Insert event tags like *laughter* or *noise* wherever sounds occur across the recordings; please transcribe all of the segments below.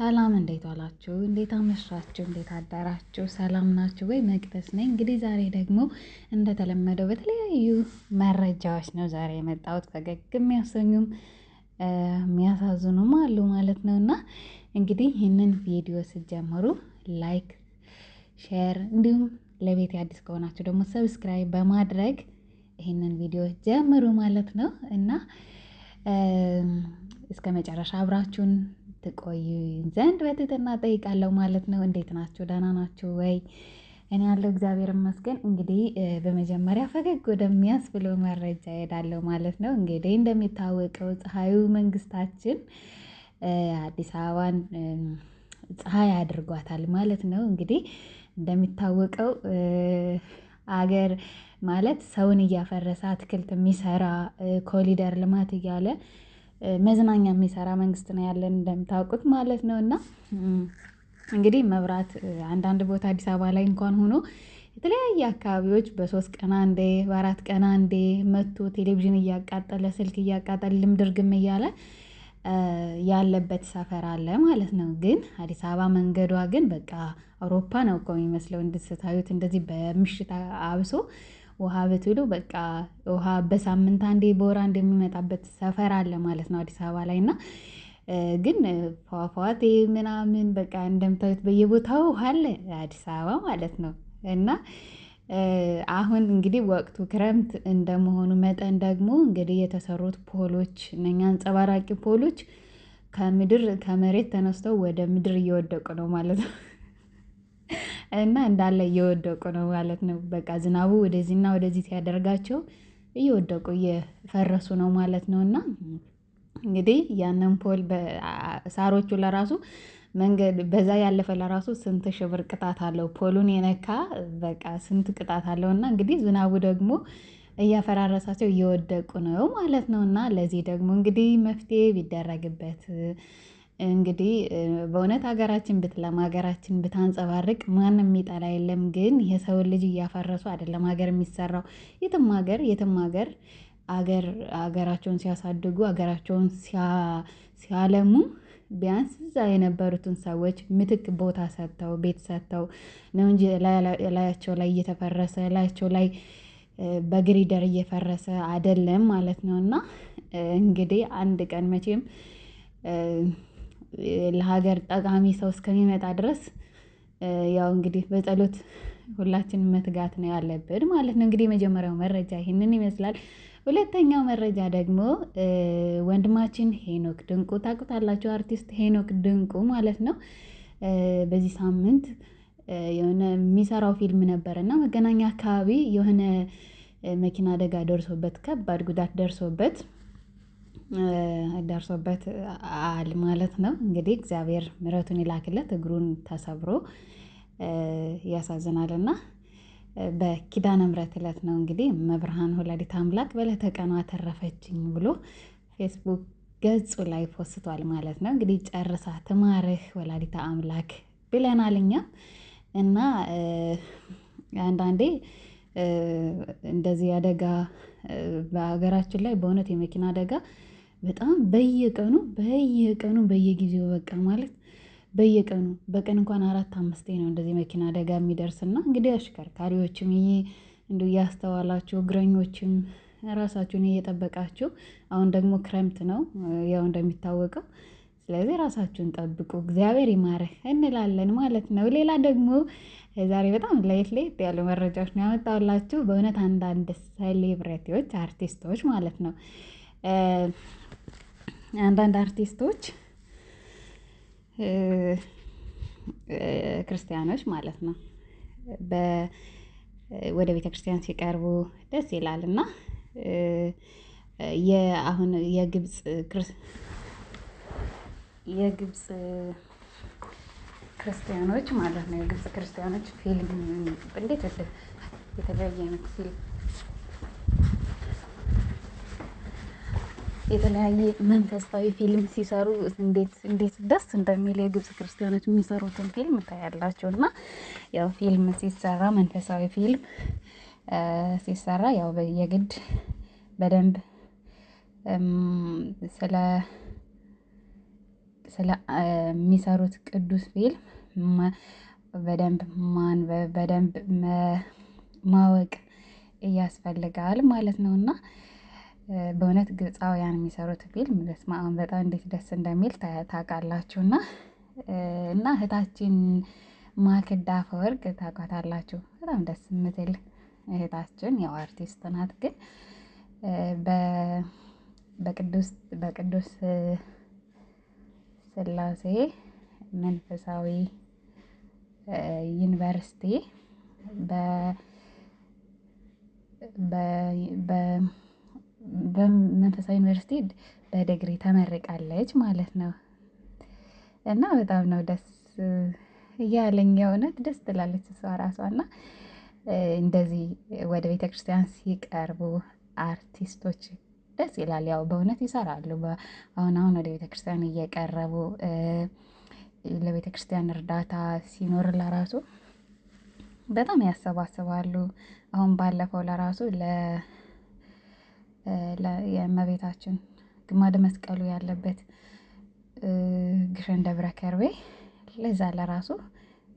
ሰላም እንዴት ዋላችሁ? እንዴት አመሻችሁ? እንዴት አዳራችሁ? ሰላም ናችሁ ወይ? መቅደስ ነኝ። እንግዲህ ዛሬ ደግሞ እንደተለመደው በተለያዩ መረጃዎች ነው ዛሬ የመጣሁት። ፈገግ የሚያሰኙም የሚያሳዝኑም አሉ ማለት ነው። እና እንግዲህ ይህንን ቪዲዮ ስጀምሩ ላይክ፣ ሼር እንዲሁም ለቤት አዲስ ከሆናችሁ ደግሞ ሰብስክራይብ በማድረግ ይህንን ቪዲዮ ጀምሩ ማለት ነው እና እስከ መጨረሻ አብራችሁን ትቆዩ ዘንድ በትህትና ጠይቃለሁ ማለት ነው። እንዴት ናችሁ? ደህና ናችሁ ወይ? እኔ ያለው እግዚአብሔር ይመስገን። እንግዲህ በመጀመሪያ ፈገግ ወደሚያስብለው መረጃ እሄዳለሁ ማለት ነው። እንግዲህ እንደሚታወቀው ፀሐዩ መንግስታችን አዲስ አበባን ፀሐይ አድርጓታል ማለት ነው። እንግዲህ እንደሚታወቀው አገር ማለት ሰውን እያፈረሰ አትክልት የሚሰራ ኮሊደር ልማት እያለ መዝናኛ የሚሰራ መንግስት ነው ያለን እንደምታውቁት ማለት ነው። እና እንግዲህ መብራት አንዳንድ ቦታ አዲስ አበባ ላይ እንኳን ሆኖ የተለያየ አካባቢዎች በሶስት ቀን አንዴ በአራት ቀን አንዴ መቶ ቴሌቪዥን እያቃጠለ ስልክ እያቃጠለ ልምድርግም እያለ ያለበት ሰፈር አለ ማለት ነው። ግን አዲስ አበባ መንገዷ ግን በቃ አውሮፓ ነው እኮ የሚመስለው እንድስታዩት እንደዚህ በምሽት አብሶ ውሃ ብትሉ በቃ ውሃ በሳምንት አንዴ በወር አንዴ የሚመጣበት ሰፈር አለ ማለት ነው አዲስ አበባ ላይ እና ግን ፏፏቴ ምናምን በቃ እንደምታዩት በየቦታው ውሃ አለ አዲስ አበባ ማለት ነው። እና አሁን እንግዲህ ወቅቱ ክረምት እንደመሆኑ መጠን ደግሞ እንግዲህ የተሰሩት ፖሎች እነኛ አንጸባራቂ ፖሎች ከምድር ከመሬት ተነስተው ወደ ምድር እየወደቁ ነው ማለት ነው እና እንዳለ እየወደቁ ነው ማለት ነው። በቃ ዝናቡ ወደዚህና ወደዚህ ሲያደርጋቸው እየወደቁ እየፈረሱ ነው ማለት ነው። እና እንግዲህ ያንን ፖል ሳሮቹ ለራሱ መንገድ በዛ ያለፈ ለራሱ ስንት ሺህ ብር ቅጣት አለው። ፖሉን የነካ በቃ ስንት ቅጣት አለው። እና እንግዲህ ዝናቡ ደግሞ እያፈራረሳቸው እየወደቁ ነው ማለት ነው። እና ለዚህ ደግሞ እንግዲህ መፍትሄ ቢደረግበት እንግዲህ በእውነት ሀገራችን ብትለም ሀገራችን ብታንጸባርቅ ማንም የሚጠላ የለም። ግን የሰውን ልጅ እያፈረሱ አይደለም ሀገር የሚሰራው። የትም ሀገር የትም ሀገር አገር ሀገራቸውን ሲያሳድጉ ሀገራቸውን ሲያለሙ ቢያንስ እዛ የነበሩትን ሰዎች ምትክ ቦታ ሰጥተው ቤት ሰጥተው ነው እንጂ ላያቸው ላይ እየተፈረሰ ላያቸው ላይ በግሪደር እየፈረሰ አይደለም ማለት ነው። እና እንግዲህ አንድ ቀን መቼም ለሀገር ጠቃሚ ሰው እስከሚመጣ ድረስ ያው እንግዲህ በጸሎት ሁላችን መትጋት ነው ያለብን ማለት ነው። እንግዲህ የመጀመሪያው መረጃ ይህንን ይመስላል። ሁለተኛው መረጃ ደግሞ ወንድማችን ሄኖክ ድንቁ ታውቁታላችሁ፣ አርቲስት ሄኖክ ድንቁ ማለት ነው። በዚህ ሳምንት የሆነ የሚሰራው ፊልም ነበረ እና መገናኛ አካባቢ የሆነ መኪና አደጋ ደርሶበት ከባድ ጉዳት ደርሶበት አል ማለት ነው። እንግዲህ እግዚአብሔር ምረቱን ይላክለት እግሩን ተሰብሮ ያሳዝናልና እና በኪዳነ ምረት ዕለት ነው እንግዲህ መብርሃን ወላዲተ አምላክ በዕለተ ቀኗ ተረፈችኝ ብሎ ፌስቡክ ገጹ ላይ ፖስቷል ማለት ነው። እንግዲህ ጨርሳ ትማርህ ወላዲተ አምላክ ብለናል እኛም እና አንዳንዴ እንደዚህ አደጋ በሀገራችን ላይ በእውነት የመኪና አደጋ በጣም በየቀኑ በየቀኑ በየጊዜው በቃ ማለት በየቀኑ በቀን እንኳን አራት አምስቴ ነው እንደዚህ መኪና አደጋ የሚደርስና እንግዲህ አሽከርካሪዎችም ይሄ እንዲ እያስተዋላችሁ እግረኞችም ራሳችሁን እየጠበቃችሁ አሁን ደግሞ ክረምት ነው ያው እንደሚታወቀው ስለዚህ ራሳችሁን ጠብቁ፣ እግዚአብሔር ይማረህ እንላለን ማለት ነው። ሌላ ደግሞ ዛሬ በጣም ለየት ለየት ያሉ መረጃዎች ነው ያመጣውላችሁ በእውነት አንዳንድ ሴሌብሬቲዎች አርቲስቶች ማለት ነው አንዳንድ አርቲስቶች ክርስቲያኖች ማለት ነው ወደ ቤተ ክርስቲያን ሲቀርቡ ደስ ይላል እና የአሁን የግብፅ የግብፅ ክርስቲያኖች ማለት ነው የግብፅ ክርስቲያኖች ፊልም እንዴት የተለያየ አይነት ፊልም የተለያየ መንፈሳዊ ፊልም ሲሰሩ እንዴት እንዴት ደስ እንደሚል የግብጽ ክርስቲያኖች የሚሰሩትን ፊልም ታያላችሁ። እና ያው ፊልም ሲሰራ መንፈሳዊ ፊልም ሲሰራ ያው የግድ በደንብ ስለ ስለ የሚሰሩት ቅዱስ ፊልም በደንብ ማን በደንብ ማወቅ ያስፈልጋል ማለት ነው እና በእውነት ግብፃውያን የሚሰሩት ፊልም በስመ አብ በጣም እንዴት ደስ እንደሚል ታውቃላችሁ። እና እና እህታችን ማክዳ አፈወርቅ ታውቋታላችሁ በጣም ደስ የምትል እህታችን ያው አርቲስት ናት፣ ግን በቅዱስ በቅዱስ ስላሴ መንፈሳዊ ዩኒቨርሲቲ በ በመንፈሳዊ ዩኒቨርሲቲ በደግሪ ተመርቃለች ማለት ነው። እና በጣም ነው ደስ እያለኝ የእውነት ደስ ትላለች እሷ ራሷ እና እንደዚህ ወደ ቤተ ክርስቲያን ሲቀርቡ አርቲስቶች ደስ ይላል። ያው በእውነት ይሰራሉ። አሁን አሁን ወደ ቤተ ክርስቲያን እየቀረቡ ለቤተ ክርስቲያን እርዳታ ሲኖር ለራሱ በጣም ያሰባስባሉ። አሁን ባለፈው ለራሱ ለ ያለ የእመቤታችን ግማደ መስቀሉ ያለበት ግሸን ደብረ ከርቤ ለዛ ለራሱ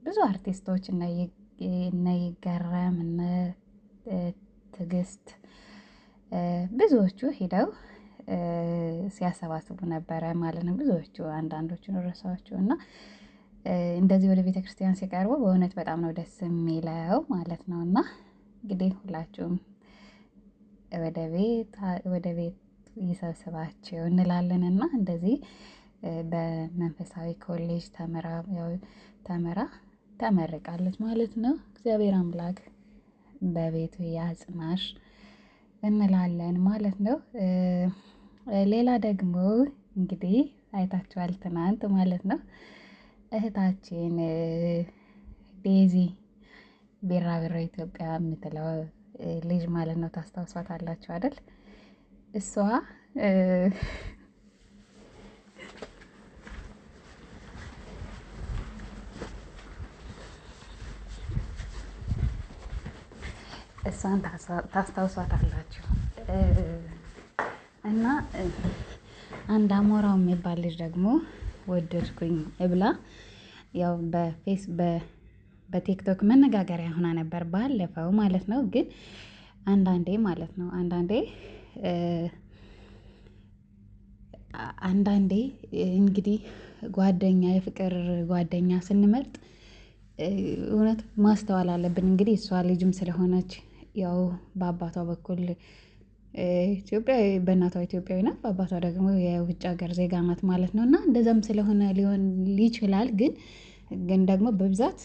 ብዙ አርቲስቶች እነ ይገረም እነ ትግስት ብዙዎቹ ሄደው ሲያሰባስቡ ነበረ ማለት ነው። ብዙዎቹ አንዳንዶቹ ረሳዎቹ እና እንደዚህ ወደ ቤተክርስቲያን ሲቀርቡ በእውነት በጣም ነው ደስ የሚለው ማለት ነው። እና እንግዲህ ሁላችሁም ወደ ቤት ወደ ቤት ይሰብስባችሁ እንላለን እና እንደዚህ በመንፈሳዊ ኮሌጅ ተምራ ተምራ ተመርቃለች ማለት ነው። እግዚአብሔር አምላክ በቤቱ ያጽናሽ እንላለን ማለት ነው። ሌላ ደግሞ እንግዲህ አይታችኋል ትናንት ማለት ነው እህታችን ዴዚ ቢራቢሮ ኢትዮጵያ የምትለው ልጅ ማለት ነው። ታስታውሷት አላችሁ አይደል? እሷ እሷን ታስታውሷት አላችሁ እና አንድ አሞራው የሚባል ልጅ ደግሞ ወደድኩኝ እብላ ያው በፌስ በ በቲክቶክ መነጋገሪያ ሆና ነበር ባለፈው ማለት ነው። ግን አንዳንዴ ማለት ነው አንዳንዴ አንዳንዴ እንግዲህ ጓደኛ የፍቅር ጓደኛ ስንመርጥ እውነት ማስተዋል አለብን። እንግዲህ እሷ ልጅም ስለሆነች ያው በአባቷ በኩል ኢትዮጵያዊ በእናቷ ኢትዮጵያዊ ናት፣ በአባቷ ደግሞ የውጭ ሀገር ዜጋ ናት ማለት ነው እና እንደዛም ስለሆነ ሊሆን ይችላል ግን ግን ደግሞ በብዛት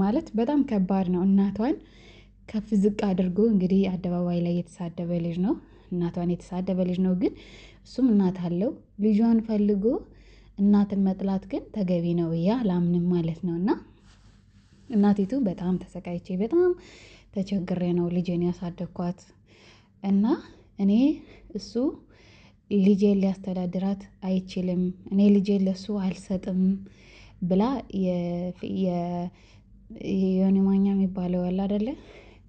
ማለት በጣም ከባድ ነው። እናቷን ከፍ ዝቅ አድርጎ እንግዲህ አደባባይ ላይ የተሳደበ ልጅ ነው። እናቷን የተሳደበ ልጅ ነው። ግን እሱም እናት አለው ልጇን ፈልጎ እናትን መጥላት ግን ተገቢ ነው ብዬ አላምንም ማለት ነው። እና እናቲቱ በጣም ተሰቃይቼ በጣም ተቸግሬ ነው ልጄን ያሳደግኳት እና እኔ እሱ ልጄን ሊያስተዳድራት አይችልም፣ እኔ ልጄን ለሱ አልሰጥም ብላ የዮኒ የሚባለው ያለ አይደለ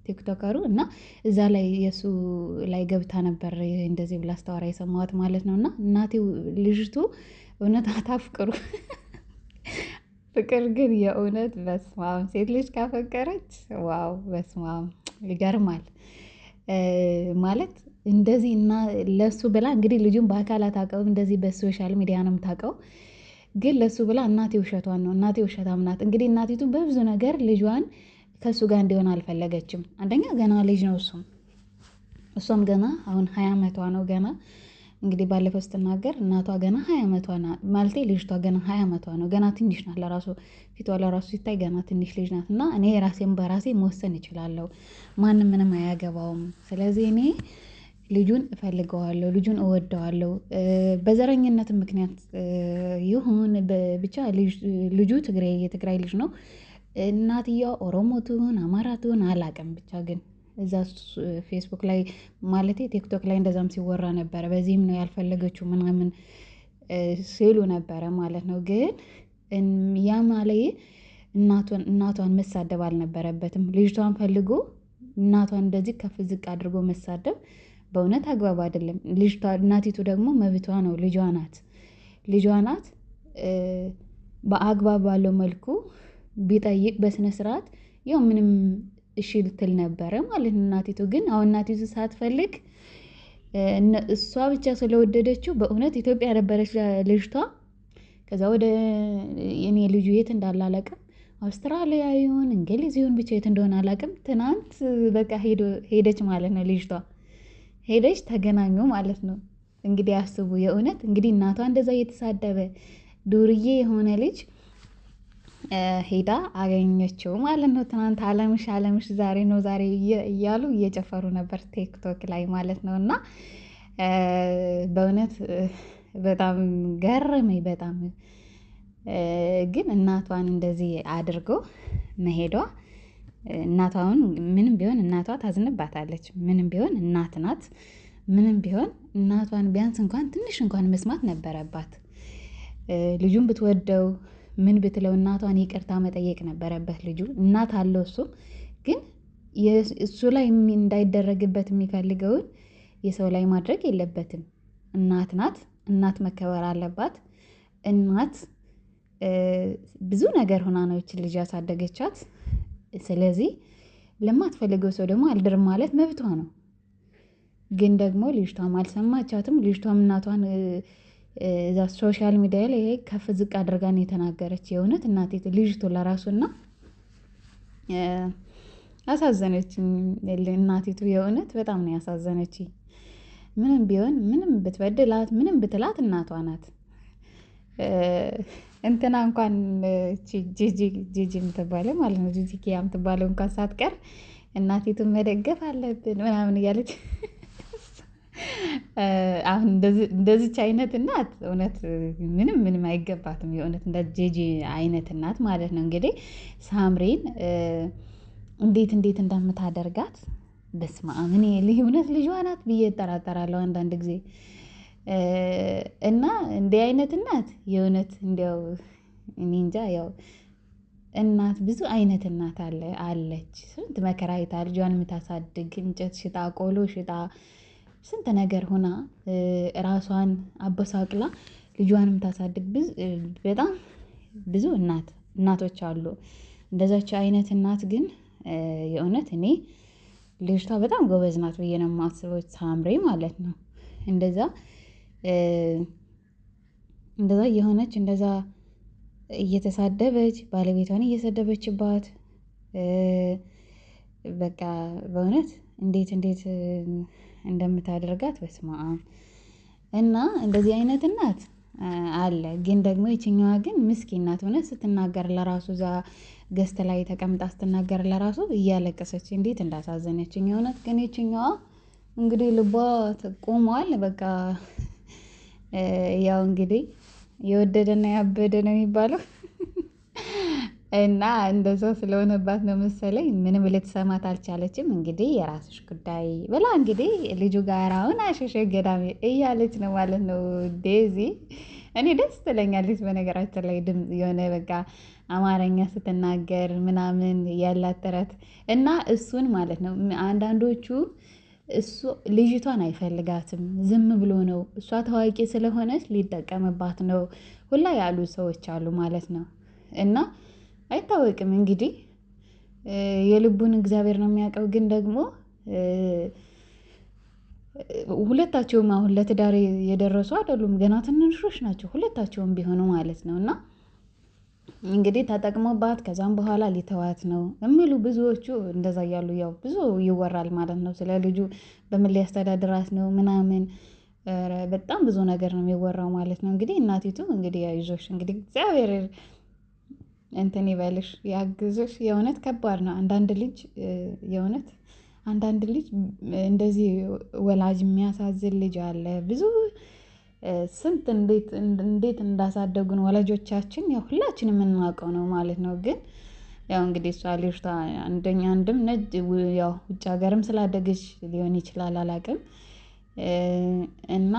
ቲክቶከሩ እና እዛ ላይ የእሱ ላይ ገብታ ነበር እንደዚህ ብላ አስተዋራ የሰማዋት ማለት ነው። እና እናቴ ልጅቱ እውነት አታፍቅሩ *laughs* ፍቅር ግን የእውነት በስማም ሴት ልጅ ካፈቀረች ዋው በስማም ይገርማል ማለት እንደዚህ እና ለሱ ብላ እንግዲህ ልጁን በአካል አታውቀውም፣ እንደዚህ በሶሻል ሚዲያ ነው የምታውቀው። ግን ለሱ ብላ እናቴ ውሸቷን ነው እናቴ ውሸታም ናት። እንግዲህ እናቴቱ በብዙ ነገር ልጇን ከእሱ ጋር እንዲሆን አልፈለገችም። አንደኛ ገና ልጅ ነው እሱም እሷም ገና አሁን ሀያ ዓመቷ ነው ገና እንግዲህ ባለፈው ስትናገር እናቷ ገና ሀያ ዓመቷ ናት ማለቴ ልጅቷ ገና ሀያ ዓመቷ ነው ገና ትንሽ ናት። ለራሱ ፊቷ ለራሱ ሲታይ ገና ትንሽ ልጅ ናት። እና እኔ ራሴን በራሴ መወሰን እችላለሁ፣ ማንም ምንም አያገባውም። ስለዚህ እኔ ልጁን እፈልገዋለሁ፣ ልጁን እወደዋለሁ። በዘረኝነት ምክንያት ይሁን ብቻ ልጁ ትግራይ የትግራይ ልጅ ነው። እናትየዋ ኦሮሞ ትሁን አማራ ትሁን አላቅም ብቻ ግን እዛ ፌስቡክ ላይ ማለት ቲክቶክ ላይ እንደዛም ሲወራ ነበረ። በዚህም ነው ያልፈለገችው ምናምን ሲሉ ነበረ ማለት ነው። ግን ያ ማለይ እናቷን መሳደብ አልነበረበትም። ልጅቷን ፈልጎ እናቷን እንደዚህ ከፍ ዝቅ አድርጎ መሳደብ በእውነት አግባብ አይደለም። ልጅቷ እናቲቱ ደግሞ መብቷ ነው፣ ልጇ ናት፣ ልጇ ናት። በአግባብ ባለው መልኩ ቢጠይቅ በስነ ስርዓት ያው ምንም እሺ ልትል ነበረ ማለት እናቲቱ። ግን አሁን እናቲቱ ሳትፈልግ እሷ ብቻ ስለወደደችው በእውነት ኢትዮጵያ ነበረች ልጅቷ። ከዛ ወደ እኔ ልጁ የት እንዳለ አላውቅም፣ አውስትራሊያ ይሁን እንግሊዝ ይሁን ብቻ የት እንደሆነ አላውቅም። ትናንት በቃ ሄደች ማለት ነው ልጅቷ። ሄደች ተገናኙ ማለት ነው። እንግዲህ አስቡ የእውነት እንግዲህ እናቷ እንደዛ እየተሳደበ ዱርዬ የሆነ ልጅ ሄዳ አገኘችው ማለት ነው። ትናንት አለምሽ አለምሽ ዛሬ ነው ዛሬ እያሉ እየጨፈሩ ነበር ቲክቶክ ላይ ማለት ነው። እና በእውነት በጣም ገረመኝ በጣም ግን እናቷን እንደዚህ አድርጎ መሄዷ እናቷ አሁን ምንም ቢሆን እናቷ ታዝንባታለች። ምንም ቢሆን እናት ናት። ምንም ቢሆን እናቷን ቢያንስ እንኳን ትንሽ እንኳን መስማት ነበረባት። ልጁን ብትወደው ምን ብትለው እናቷን ይቅርታ መጠየቅ ነበረበት። ልጁ እናት አለው እሱ ግን እሱ ላይ እንዳይደረግበት የሚፈልገውን የሰው ላይ ማድረግ የለበትም። እናት ናት። እናት መከበር አለባት። እናት ብዙ ነገር ሆና ነው ይችን ልጅ ያሳደገቻት። ስለዚህ ለማትፈልገው ሰው ደግሞ አልድርም ማለት መብቷ ነው። ግን ደግሞ ልጅቷም አልሰማቻትም። ልጅቷም እናቷን እዛ ሶሻል ሚዲያ ላይ ከፍ ዝቅ አድርጋ ነው የተናገረች። የእውነት እናቴ ልጅቱ ለራሱና አሳዘነች። እናቴቱ የእውነት በጣም ነው ያሳዘነች። ምንም ቢሆን ምንም ብትበድላት ምንም ብትላት እናቷ ናት። እንትና እንኳን ጂጂ የምትባለው ማለት ነው ጂጂ ኪያ የምትባለው እንኳን ሳትቀር እናቲቱን መደገፍ አለብን ምናምን እያለች *laughs* አሁን እንደዚች አይነት እናት እውነት ምንም ምንም አይገባትም። የእውነት እንደ ጂጂ አይነት እናት ማለት ነው። እንግዲህ ሳምሬን እንዴት እንዴት እንደምታደርጋት በስመ አብ እኔ እውነት ልጇ ናት ብዬ እጠራጠራለሁ አንዳንድ ጊዜ እና እንዲህ አይነት እናት የእውነት እንዲያው እኔ እንጃ ያው እናት ብዙ አይነት እናት አለ አለች። ስንት መከራ አይታ ልጇን የምታሳድግ እንጨት ሽጣ ቆሎ ሽጣ ስንት ነገር ሆና ራሷን አበሳቅላ ልጇን የምታሳድግ በጣም ብዙ እናት እናቶች አሉ። እንደዛች አይነት እናት ግን የእውነት እኔ ልጅቷ በጣም ጎበዝ ናት ብዬ ነው የማስበው። ሳምሬ ማለት ነው እንደዛ እንደዛ እየሆነች እንደዛ እየተሳደበች ባለቤቷን እየሰደበችባት በቃ በእውነት እንዴት እንዴት እንደምታደርጋት በስማ እና እንደዚህ አይነት እናት አለ። ግን ደግሞ የችኛዋ ግን ምስኪን ናት። እውነት ስትናገር ለራሱ እዛ ገዝት ላይ ተቀምጣ ስትናገር ለራሱ እያለቀሰች እንዴት እንዳሳዘነችኝ እውነት። ግን የችኛዋ እንግዲህ ልቧ ቆሟል በቃ ያው እንግዲህ የወደደና ያበደ ነው የሚባለው። እና እንደዛ ስለሆነባት ነው መሰለኝ ምንም ልትሰማት አልቻለችም። እንግዲህ የራስሽ ጉዳይ ብላ እንግዲህ ልጁ ጋር አሁን አሸሸ ገዳሜ እያለች ነው ማለት ነው ዴዚ። እኔ ደስ ትለኛለች በነገራችን ላይ ድምፅ የሆነ በቃ አማርኛ ስትናገር ምናምን ያላት ጥረት እና እሱን ማለት ነው አንዳንዶቹ እሱ ልጅቷን አይፈልጋትም። ዝም ብሎ ነው እሷ ታዋቂ ስለሆነች ሊጠቀምባት ነው ሁላ ያሉ ሰዎች አሉ ማለት ነው። እና አይታወቅም እንግዲህ የልቡን እግዚአብሔር ነው የሚያውቀው። ግን ደግሞ ሁለታቸውም አሁን ለትዳር የደረሱ አይደሉም፣ ገና ትንንሾች ናቸው ሁለታቸውም ቢሆኑ ማለት ነው እና እንግዲህ ተጠቅሞባት ከዛም በኋላ ሊተዋት ነው የሚሉ ብዙዎቹ እንደዛ እያሉ ያው ብዙ ይወራል ማለት ነው። ስለ ልጁ በምን ሊያስተዳድራት ነው ምናምን በጣም ብዙ ነገር ነው የሚወራው ማለት ነው። እንግዲህ እናቲቱ እንግዲህ አይዞሽ እንግዲህ እግዚአብሔር እንትን ይበልሽ ያግዝሽ። የእውነት ከባድ ነው። አንዳንድ ልጅ የእውነት አንዳንድ ልጅ እንደዚህ ወላጅ የሚያሳዝን ልጅ አለ ብዙ ስንት እንዴት እንዳሳደጉን ወላጆቻችን ያው ሁላችን የምናውቀው ነው ማለት ነው። ግን ያው እንግዲህ እሷ ልጅቷ አንደኛ አንድም ነጭ ያው ውጭ ሀገርም ስላደገች ሊሆን ይችላል አላውቅም። እና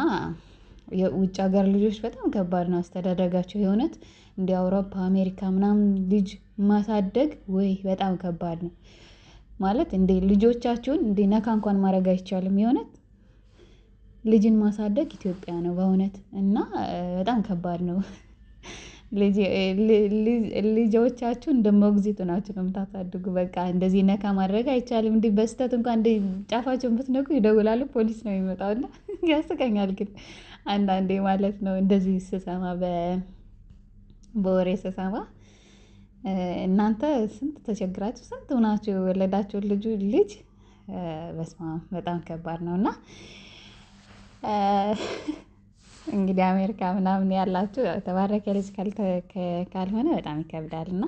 የውጭ ሀገር ልጆች በጣም ከባድ ነው አስተዳደጋቸው የእውነት እንደ አውሮፓ አሜሪካ ምናምን ልጅ ማሳደግ ወይ በጣም ከባድ ነው። ማለት እንዴ ልጆቻችሁን እንዴ ነካ እንኳን ማድረግ አይቻልም የእውነት ልጅን ማሳደግ ኢትዮጵያ ነው በእውነት እና በጣም ከባድ ነው። ልጆቻችሁ እንደ ሞግዚት ሆናችሁ ነው የምታሳድጉ በቃ እንደዚህ ነካ ማድረግ አይቻልም እንዲህ በስተት እንኳን እንደ ጫፋቸውን ብትነኩ ይደውላሉ ፖሊስ ነው የሚመጣው እና ያስቀኛል። ግን አንዳንዴ ማለት ነው እንደዚህ ስሰማ በወሬ ስሰማ እናንተ ስንት ተቸግራችሁ ስንት ሆናችሁ የወለዳቸው ልጁ ልጅ በስማ በጣም ከባድ ነው። እና *laughs* እንግዲህ አሜሪካ ምናምን ያላችሁ ተባረከ ልጅ ካልሆነ በጣም ይከብዳል። እና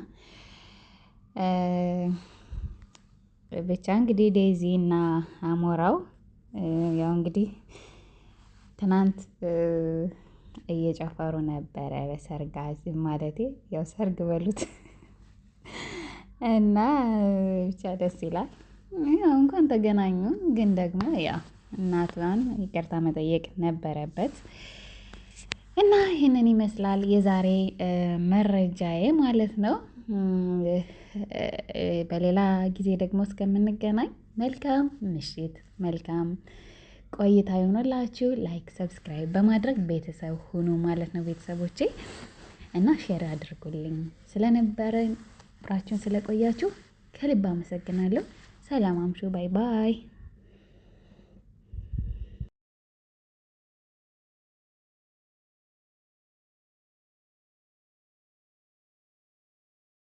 ብቻ እንግዲህ ዴዚ እና አሞራው ያው እንግዲህ ትናንት እየጨፈሩ ነበረ በሰርግ አዚም ያው ሰርግ በሉት እና ብቻ ደስ ይላል። ያው እንኳን ተገናኙ ግን ደግሞ ያው እናቷን ይቅርታ መጠየቅ ነበረበት። እና ይህንን ይመስላል የዛሬ መረጃዬ ማለት ነው። በሌላ ጊዜ ደግሞ እስከምንገናኝ መልካም ምሽት፣ መልካም ቆይታ ይሆንላችሁ። ላይክ፣ ሰብስክራይብ በማድረግ ቤተሰብ ሁኑ ማለት ነው ቤተሰቦቼ እና ሼር አድርጉልኝ። ስለነበረ አብራችሁን ስለቆያችሁ ከልብ አመሰግናለሁ። ሰላም አምሹ። ባይ ባይ።